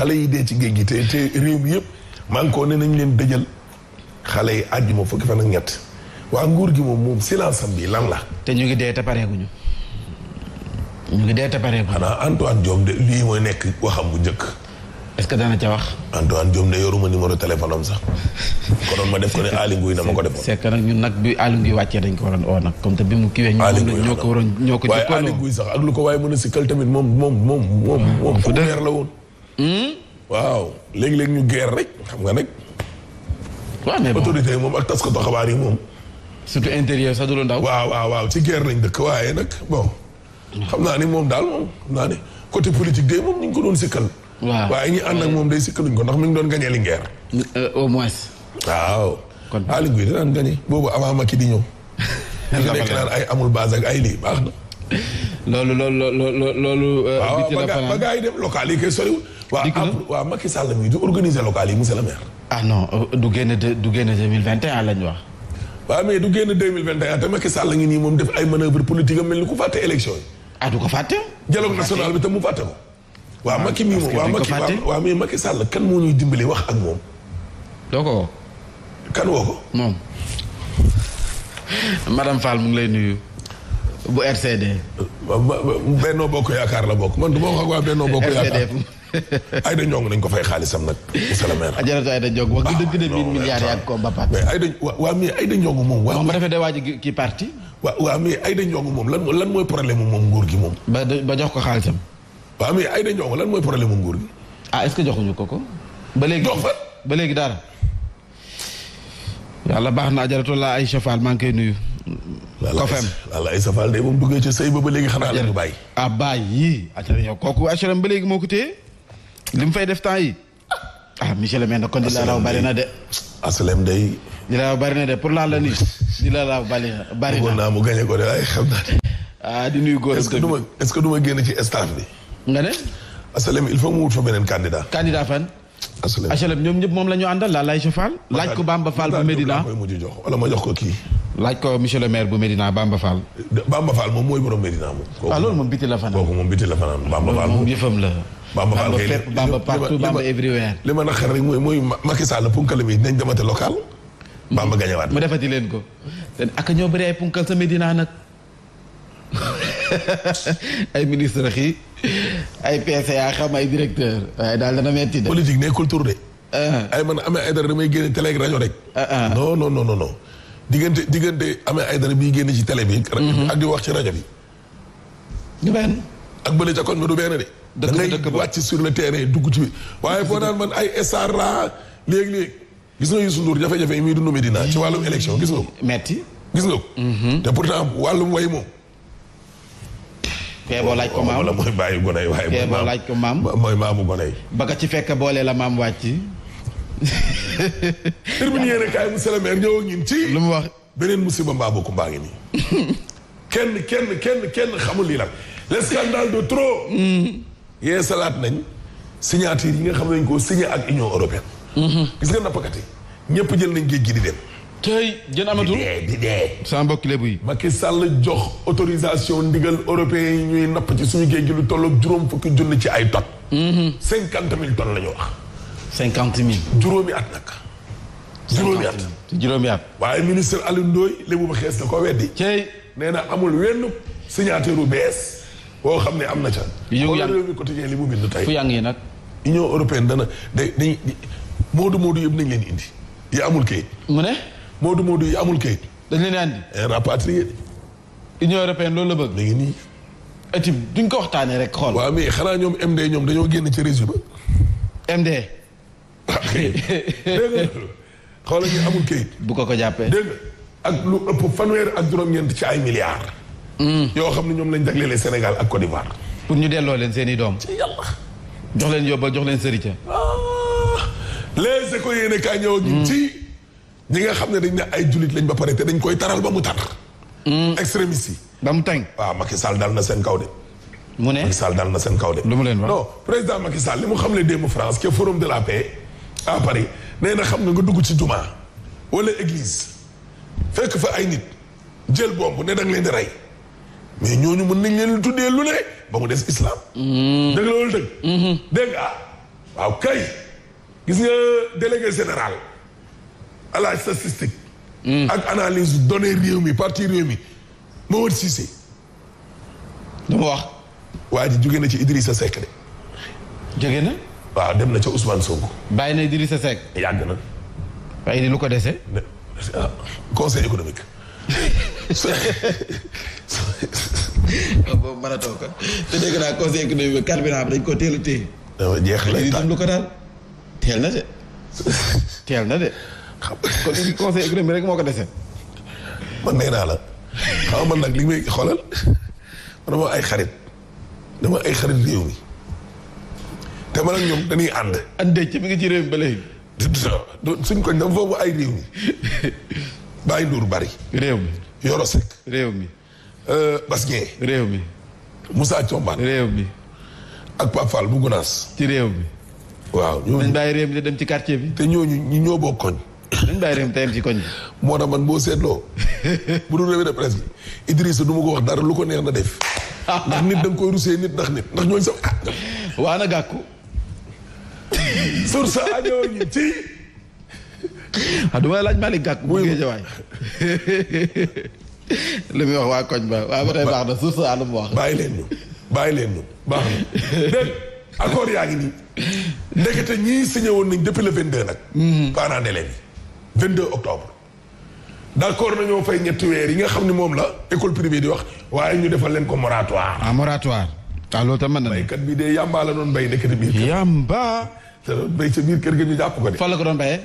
xale yi dee ci géej gi te te yëpp maa ko ne nañ leen dëjal xale yi àjjuma fukki fan ak ñett waa nguur gi moom moom silence am bi lan la. te ñu ngi dee te pareeguñu ñu ngi dee te pareeguñu. xanaa Antoine Diome de lii mooy nekk waxam bu njëkk. est-ce que dana ca wax. Antoine Diome de yoruma numéro téléphone sax konoon ma def ko ne Aly Ngouille na ma ko defoon. comme bi mu kiiwee. Aly Ngouille ñoo ko ko jëkkoon waaye Aly Ngouille sax ak lu ko waaye mën a sikkal tamit moom moom moom moom moom. ku ah, leer la woon. waaw léegi-léegi ñu guerre rek xam nga nag. waaw mais bon autorité moom ak taskatu xabaar yi moom. surtout intérieur sax du lu ndaw. waaw waaw waaw ci guerre lañ dëkk waaye nag bon. xam naa ni moom daal moom xam côté politique de moom ñu ngi ko doon sikkal. waaw waaye ñi ànd ak moom day sikkaluñ ko ndax mi ngi doon gagné li guerre. Euh, au moins. waaw. kon Aliou ah, Guèye daan gagné boobu avant Macky di ñëw. ñu nekk naan ay amul base ak ay lii baax na. loolu loolu loolu loolu. Euh, ah, biti la fanaan ba gars yi def locales yi kay soriwul. waa na ah, waaw waaw Macky Sall du organiser locales yi monsieur le maire. ah non euh, du génn du génn deux mille vingt et un lañ wax. waaw mais du génn deux mille vingt et un te Macky moom def ay manœuvres politiques am mel ni ku fàtte élection yi. ah du ko fàtte. dialogue national bi te mu fàtte ko. waaw ah, Macky mii moom waa Macky waaw mais Macky Sall kan moo ñuy dimbali wax ak moom. doo ko woo. kan woo ko. moom madame Fall mu ngi lay nuyu. bu RCD. Benno Bokk Yaakaar la bokk man du ma wax ak waa Benno Bokk Yaakaar. Aïda Ndiongue nañ ko fay xaalisam nag monsieur le maire. ajaratu Aïda Ndiongue wax dëgg de mille milliards ak ko ba pàtt. mais Aïda waa waa mais Aïda Ndiongue moom. waa moom ba defee day waaj kii parti. waa waa mais Aïda Ndiongue moom lan lan mooy problème mu moom nguur gi moom. ba ba jox ko xaalisam. waa mais Aïda Ndiongue lan mooy problème mu nguur gi. ah est-ce que joxuñu ko ko. ba léegi jox fa ba léegi dara. yàlla baax na ajaratu la Aïcha Fall maa ngi koy nuyu. kofem walla Issa Fall de moom duggee ca sëy ba ba léegi xanaa leen bàyyi ah bàyyi acca ah, yow kooku HLM ba léegi moo ko téye li mu fay def temps yi ah monsieur le maire kon di la raw bari na de HLM day di la raw bari na pour lan la nii di la raw bari na bari naa mu ko de ah, di nuyu góor est-ce que du ma est-ce que du ma génn ci staff bi nga ne HLM il faut mu wut fa beneen candidat candidat fan HLM H&M, ñoom ñëpp moom la ñu àndal laa lay sa Fall laaj ko Bamba Fall bu Médina koy wala ma jox ko kii laaj ko monsieur le maire bu Medina Bamba Fall. Bamba Fall moom mooy borom Medina moom. kooku ah, waaw loolu moom biti la fanaan kooku moom biti la fanaan Bamba Fall moom yëfam la. Bamba Fall kay fépp Bamba partout Bamba everywhere. li ma naqar rek mooy mooy Macky Sall punkal mi dinañ demate local. Bamba mhm. gañewaat mu defati leen ko. ak ñoo bëri ay punkal sa Medina nag. ay ministre xii ay PCA xam ay directeur waaye daal dana metti de. politique nekkul tur de. Ah. ay man amee ay dara damay génne télé ak rajo rek. Ah, non non non non. diggante diggante amee ay dara bi génn ci tele bi. Mhm. ak di wax ci rajo bi. du benn. ak bële ca koñ ba du benn de. dëkk ba dëkk ba wàcc sur le terrain dugg ci bi waaye foo naan man ay SR la léegi léeg gis nga Youssou Ndour jafe-jafe yi muy dund Medina ci wàllum élection gis nga ko. metti gis nga ko. Mhm. te pourtant wàllum way moom. Kee boo laaj ko maam wala mooy bàyyi gone waaye. Kee boo laaj ko maam mooy maamu gone. ba ka ci fekk boole la maam wàcc. termine yéen kaay monsieur le maire ñëw ñun ci. lu mu wax beneen musiba mbaa bokku mbaa ngi nii. kenn kenn kenn kenn xamul lii la le scandale de salaat nañ signature yi nga xam nañ koo signé ak union européenne. gis nga nappkat yi ñëpp jël nañ géej gi di dem. tey jën amatul di dee di dee. sa mbokk lébu jox autorisation ndigal européen yi ñuy napp ci suñu géej gi lu tolloog juróom fukki junni ci ay tonnes. Mm-hmm. cinquante mille tonnes la wax. cinquante mille. juróomi at nag. juróomi at waaye ministre Alioune Ndoye li xees da ko weddi. cey nee na amul wenn signataire bu bees woo xam ne am na ca. yow yaa ngi xool li mu bind tey. fu yaa yi nag. union européenne dana day day moodu moodu yëpp nañ leen indi. yi amul kayit. mu ne. moodu moodu yi amul kayit. dañ leen andi. Eh, rapatrié. union européenne loolu la bëgg. léegi nii. etim duñ ko waxtaanee rek xool. waa mais xanaa ñoom MD ñoom dañoo génn ci résu ba. MD. dégg nga xoolal ñu amul kayit. bu ko ko jàppee dégg ak lu ëpp fanweer ak juróom-ñeent ci ay milliards. Hmm. yoo xam ne ñoom lañ jaglelee Sénégal ak Côte d'Ivoire. pour ñu delloo leen seen i doom. ci yàlla. jox leen yóbbal jox leen sëriñ ca. Ah. les écoles yéene kaa ñëw ñu hmm. ci. ñi nga xam ne dañ ne ay julit lañ ba pare te dañ koy taral ba mu tar. Hmm. extrémistes yi. ba mu tàng. waaw Macky Sall dal na seen kaw de. mu ne Macky Sall dal na seen kaw de. lu mu leen wax non président Macky Sall li mu xam ne démb France que forum de la à Paris nee na xam nga nga dugg ci jumaa wala église fekk fa ay nit jël bomb ne da nga leen di rey mais ñooñu mën nañ leen tuddee lu ne ba mu des islaam mm-hmm. dëgg la loolu dëgg. Mm-hmm. dégg nga waaw kay gis nga délégué général à la statistique. Mm. ak analyse données réew mi parti réew mi Mawar Cissé. dama wax. waa ji jóge na ci Idrissa Seck de. waaw dem na ca Ousmane Sonko. bàyyi na Idrissa Seck. yàgg na. waaye lu ko dese. Ah, conseil économique. Ah, boobu mën a toog te dégg naa bi dañ ko teel a téye. Ah, jeex la ko daal teel na na xam kon moo ko dese. man naa la xaw man nag li may xoolal man dama ay xarit dama ay xarit réew te man ak ñoom dañuy ànd. àndee ci mi ngi ci réew mi ba léegi. suñ koñ ñoom foofu ay réew mi bàyyi nduur bari. réew mi Yoro Seck. réew mi. Euh, Bas Dieng. réew mi. Moussa Thiombane. réew mi. ak bu Gunaas. ci réew mi. waaw ñooñu dañ bàyyi réew mi dem ci quartier bi. te ñooñu ñu ñoo bokk koñ. dañ bàyyi réew mi tey ci koñ bi. moo tax man boo seetloo bu dul revue de presse bi du ma ko wax dara lu ko neex na def ndax nit da nga koy rusee nit ndax nit ndax ñooñ sax ah. waa na gàkku. source a ñëw ñu ci. ah du ma laaj Malick Gakou muy waa koñ ba waaw ba tey baax na source a lu mu wax. bàyyi leen ñu bàyyi leen ñu baax na dégg accord yaa ngi nii ndekete ñii signé woon nañ dëpp le 22 nag. Mhm. pendant délai bi 22 octobre. d' accord nañoo fay ñetti weer yi nga xam ne moom la école privée di wax waaye ñu defal leen ko moratoire. ah moratoire. ah ma tam mën na. baykat bi de yamba la doon bay ndekete bi. yamba. te doon ca biir kër gi ñu jàpp ko de. fan la ko doon béyee.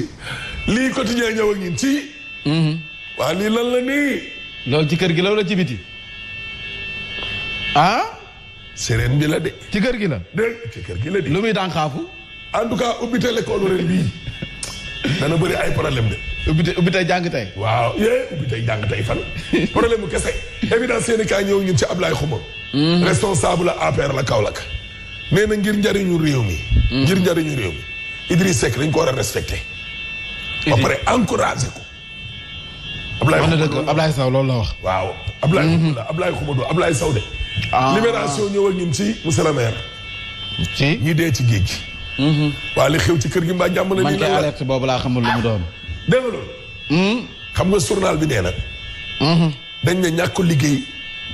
lii quotidien ñëw ak ñun ci. Mhm. waa lii lan la nii. loolu ci kër gi la ci biti. ah. sereen bi la ci kër gi la. de kër gi la lu muy daan xaafu. en tout cas ubbite l'école ren bii dana bëri ay problème de. ubbite ubbite jàng tey. waaw yee ubbite jàng tey fan. problème bu kese. évidence seen i kaa ñëw ñun ci Ablaye Xuma. Mhm. responsable la APR la Kaolack. nee na ngir njariñu réew mi. Mm. ngir njariñu réew mi Idriss Seck dañ ko war a respecté. ba pare encouragé ko. Ablaye Khouma Ablaye Sow loolu la wax. waaw Ablaye. Mm-hmm. Ablaye Khouma doo Ablaye Sow de. Ah. libération ñëwal ñun ci monsieur le maire. ci ñi dee ci géej gi. Mm-hmm. waa li xew ci kër gi mbaa jàmm na. man kay alerte boobu laa xamul lu mu ah, doon. dégg nga loolu. Mm-hmm. xam nga journal bi nee na. dañ ne ñàkk liggéey.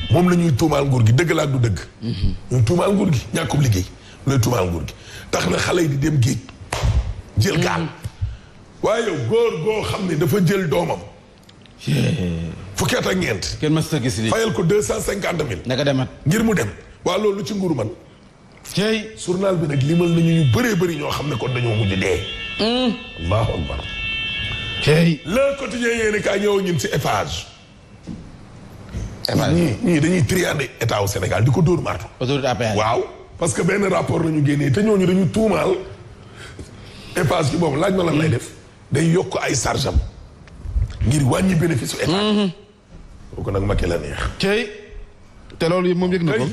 moom la ñuy tuumaal nguur gi dëgg laa du dëgg. Mhm. ñuy tuumaal nguur gi ñàkkub liggéey lay tuumaal nguur gi tax na xale yi di dem géej. jël mhm. gaal waaye góor goo xam ne dafa jël doomam. fukki at ak kenn mës a gis lii ko deux cent cinquante mille. naka demat ngir mu dem. waa loolu ci nguuru man. tey journal bi nag limal nañu ñu bëree bëri ñoo xam ne kon dañoo mujj dee. Mm. la akbar. tey. le quotidien yéen a kaay Eh, ñi ñii dañuy triander état au Sénégal di ko dóor martu waaw parce que benn rapport la ñu génnee te ñooñu dañu tuumaal EPAGE bi boobu laaj ma lan lay def day yokk ay charge ngir wàññi bénéfice su état mm-hmm. kooku nag Macky la neex tey te loolu yëpp moom yëg na ko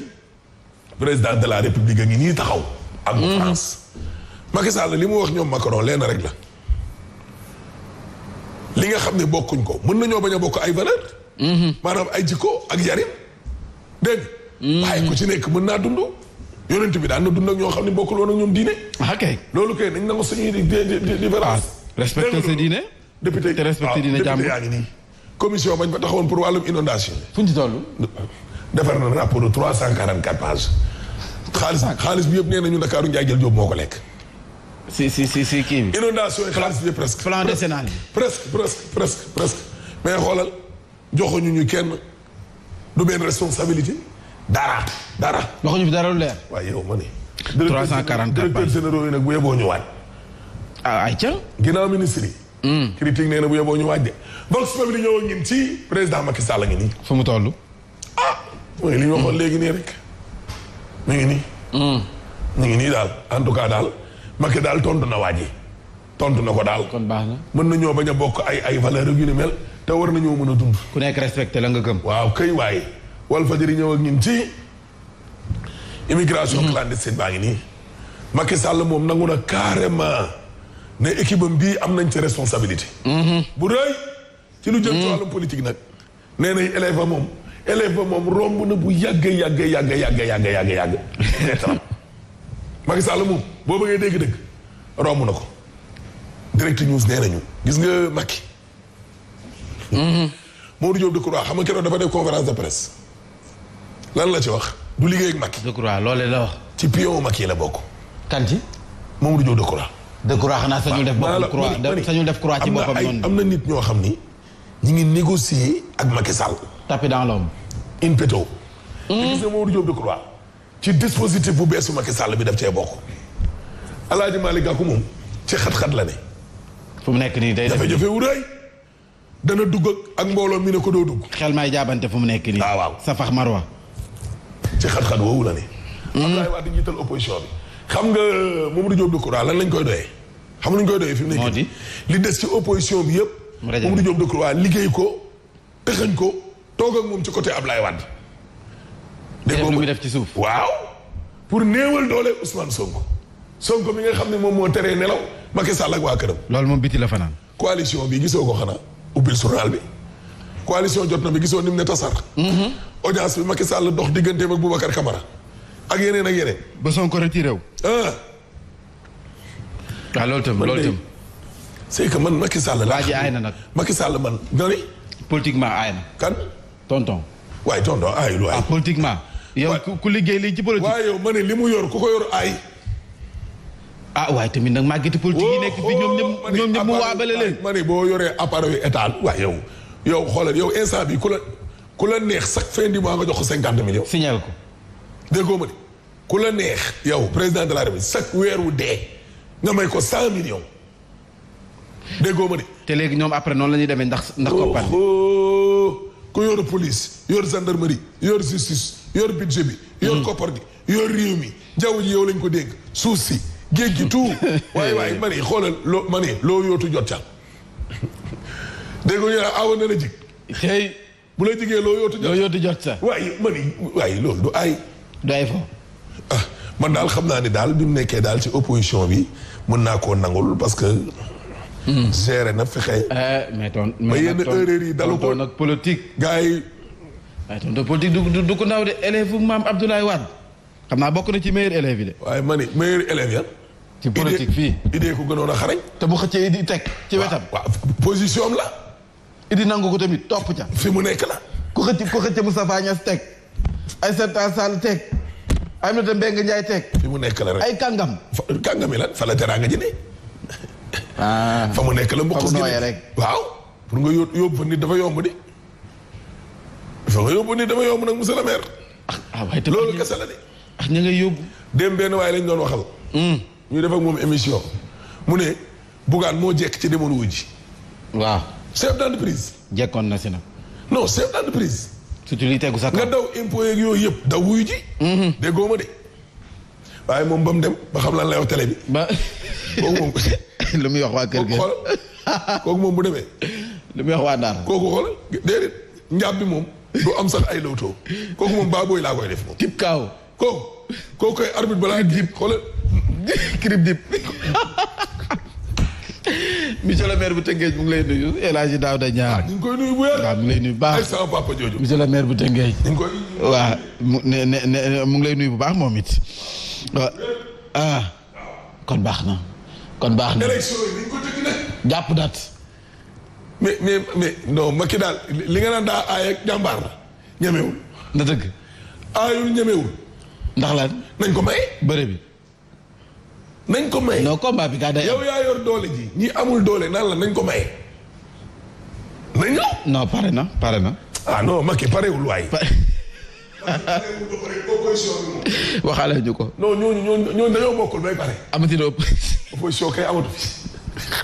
président de la république a ngi nii taxaw ak mm-hmm. France Macky Sall li mu wax ñoom Macron leen rek la li nga xam ne bokkuñ ko mën nañoo bañ a bokk ay valeur Mm-hmm. maanaam ay jikko ak yarin dégg mm-hmm. waaye ko ci nekk mën naa dund yonent bi daan na dund ak ñoo xam ne bokkul woon ak ñoom diine ok ah, loolu kay nañ nangu suñuy différence ah, respecté sa diine député te respecté diine pour wàllum inondation fu ñu ci toll defar na rapport de trois cent quarante quatre pages xaalis ah. xaalis bi yëpp nee nañu Ndakaaru Njaay jël Jóob moo ko lekk si si kii bi inondation yi xaalis bi presque presque presque presque presque xoolal joxuñu ñu kenn du benn responsabilité dara dara. waxuñu fi dara lu leer. waaye yow ma ne. 344 directeur généraux yi nag bu yeboo ñu waaj. ah ay ca. ginnaaw ministre yi. Hmm. critique nee na bu yeboo ñu waaj de. vox populi ñëw ngeen ci président Macky Sall ngi nii. fu mu toll. ah mooy li hmm. léegi nii rek. ngi nii. Hmm. mi ngi nii daal en tout cas daal Macky daal tontu na waaj yi tontu na ko daal. kon baax na mën nañoo bañ a bokk ay ay valeur yu ni mel. te war nañoo mën a dund. ku nekk respecté la nga gëm. waaw kay waaye Walfadjri ñëw ak ñun ci immigration mm-hmm. clandestine baa ngi nii. Macky sàll moom nangu na carrément ne équipe am bii am nañ ci responsabilité. Mm-hmm. bu rëy. ci lu jëm ci mm-hmm. wàllu politique nag. nee nañ élève moom élève moom romb na bu yàgg yàgg yàgga yàgg yàgg yàgg yàgg. Macky Sall moom boo bëggee dégg-dégg romb na ko. direct news nee nañu gis nga Macky. Maodo Diop Decroix xam nga keroog dafa def conférence de presse lan la ci wax du liggéey ak Macky. Decroix loolee la wax. ci pion Macky la bokk. kan ci. Maodo Diop Decroix. Decroix xanaa sañul def bopp croix sañul def croix ci boppam noonu. am na nit ñoo xam ni ñu ngi négocier ak Macky Sall. tapis dans l'ombre. in petto. Hmm. te gis nga Maodo Diop Decroix. ci dispositif bu beesu Macky Sall bi def cee bokk. Alaaji Malick Gakou moom ci xat-xat la ne. fu mu nekk nii day def dafa wuraay. dana dugg ak mbooloo mi ne ko doo dugg. xel maay jaabante fu mu nekk nii. Ah, waaw waaw safax marwa. ci xat-xat woowu la ne. Hmm. Abdoulaye Wade jiital opposition bi. xam nga Mamadou Diop Decroix lan lañ koy doyee. xam nga luñ koy doyee fi mu nekk nii li des ci opposition bi yëpp. Mamadou Diop Decroix liggéey ko tëxañ ko toog ak moom ci côté Abdoulaye Wade. dégg nga lu muy def ci suuf. waaw pour néewal doole Ousmane Sonko. Sonko mi nga xam ne moom moo teree nelaw Macky Sall ak waa këram. loolu moom biti la fanaan. coalition bi gisoo ko xanaa. ubbil journal bi coalition jot na bi gisoo ni mu ne tasar mm-hmm. audience bi Macky Sall dox digganteem ak Boubacar Camara ak yeneen ak yeneen ba Sonko retiré wu ah, ah loolu tam loolu tam c'est que man Macky Sall la waa ji aay na nag Macky Sall man na ni politiquement aay na kan tonton waaye tonton aayul waaye ah, politiquement yow ku liggéey lii ci politique waaye yow ma ne li mu yor ku ko yor aay ah waaye tamit nag màggeti politique yi nekk fi ñoom ñëpp ñoom ñëpp mu waabale leen ah, ma boo yoree appareil état waaye yow yow xoolal yow instant bi ku la ku la neex chaque fin du mois nga jox ko cinquante millions ko déggoo ku la yow président la République chaque weer wu dee nga may ko cent millions déggoo ma ni te léegi ñoom après noonu la ñuy demee ndax ndax koppar ku yor police yoor gendarmerie yor justice yor budget bi yor mm. koppar gi yor réew mi jaww ji yow lañ ko dégg suuf si géej gi tout waaye waaye ma ne xoolal loo ma ne loo yootu jot ca dégg nga ñu ne awa jig xëy bu la jigee loo yootu jot loo waaye ma ne loolu du ay du ay fo ah man daal xam naa ni daal bi nekkee daal ci opposition bi mën naa koo nangul parce que géré na fexe mais toon mais yenn erreur yi dalu ko nag politique gars yi waaye toon politique du ko ndaw de élève maam Abdoulaye Wade xam naa bokk na ci meilleur élève yi waaye ma ni meilleur élève ya ci politique fii idée ku gënoon a xarañ. te bu xëccee idi teg ci wetam. waaw position am la. idi nangu ko tamit topp ca. fi mu nekk la. ku xëcc ku xëcc Moustapha Niass teg. Aïssata Tall teg. Aminata teg. mu nekk la ay kàngam. kàngam yi la teraanga ji ne. Ah, fa mu nekk la mboq gi rek. waaw pour nga yób yóbbu nit dafa yomb di. fa nga yóbbu nit dafa yomb nag monsieur le maire. Ah, ah, loolu kese la ak ña ngay yóbbu. dem benn waaye lañ doon waxal. Hmm. ñu def ak moom émission. mu ne Bougane moo jekk ci demoon wu ji. waaw. chef d'entreprise. jekkoon na si nag. non chef d'entreprise. surtout li tegu sa kaw nga daw impôt yeeg yooyu yëpp daw wuyu ji. Hmm. déggoo ma de. waaye moom ba mu dem ba xam la lay wax télé bi. ba kooku moom. lu muy wax waa kër gi kooku moom bu demee. lu muy wax waa Ndar. kooku xool déedéet njàpp bi moom lu am sax ay lawtoo kooku moom baa booy laa koy def moom. tip kaaw. ko kooku koy arbitre balaa diib xoolal crib diib monsieur le maire bu Tëngéej mu ngi lay nuyu El Hadji Daouda Niang ah, ñu ngi koy nuyu bu wér mu ngi baax ak sama papa jooju monsieur bu Tëngéej ñu ngi koy mu ngi lay nuyu bu baax moom it ah kon baax na kon baax na élection yi ñu jàpp dat mais mais mais non Macky daal li nga naan daa aay jàmbaar la ñemewul na dëgg aayul ñemewul ndax lan nañ ko may bëre bi nañ ko may non combat bi kaa day yow yaa yor doole ji ñi amul doole naan la nañ ko may nañ ñëw non pare na pare na ah non Macky parewul waay waxaale ñu ko non ñooñu ñooñu ñooñu dañoo bokkul bay pare amati na opposition kay amatu fi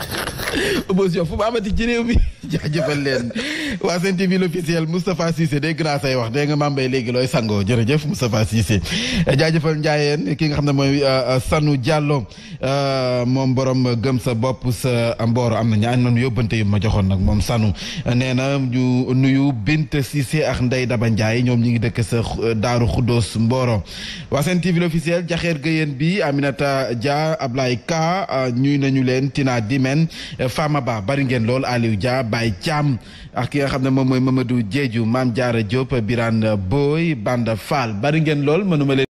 opposition fu mu amati ci réew mi jaajëfal leen waa Sen TV l'officiel Moustapha Cissé day gënaa say wax dégg nga maam bay léegi looy sangoo jërëjëf Moustapha Cissé eh, jaajëfal njaayeen ki nga xam ne mooy euh, euh, Sanu Diallo euh, moom ma gëm sa bopp sa mbooro am na ñaa noonu yóbbante yu ma joxoon nag moom Sanu nee na ñu nuyu Bint Cissé ak Ndey Daba Ndiaye ñoom ñi ngi dëkk sa Daaru Xuddoos Mboro waa Sen TV l'officiel jaxeer gëyeen bi Aminata Dia Ablaye Ka ñuy nañu leen Tina Dimen Fama Ba bari ngeen lool Aliou Dia Baye Thiam ak nga xam ne moom mooy Mamadou Diédhiou jaar Diarra Diop Birane booy band Fall bari ngeen lool mënuma leen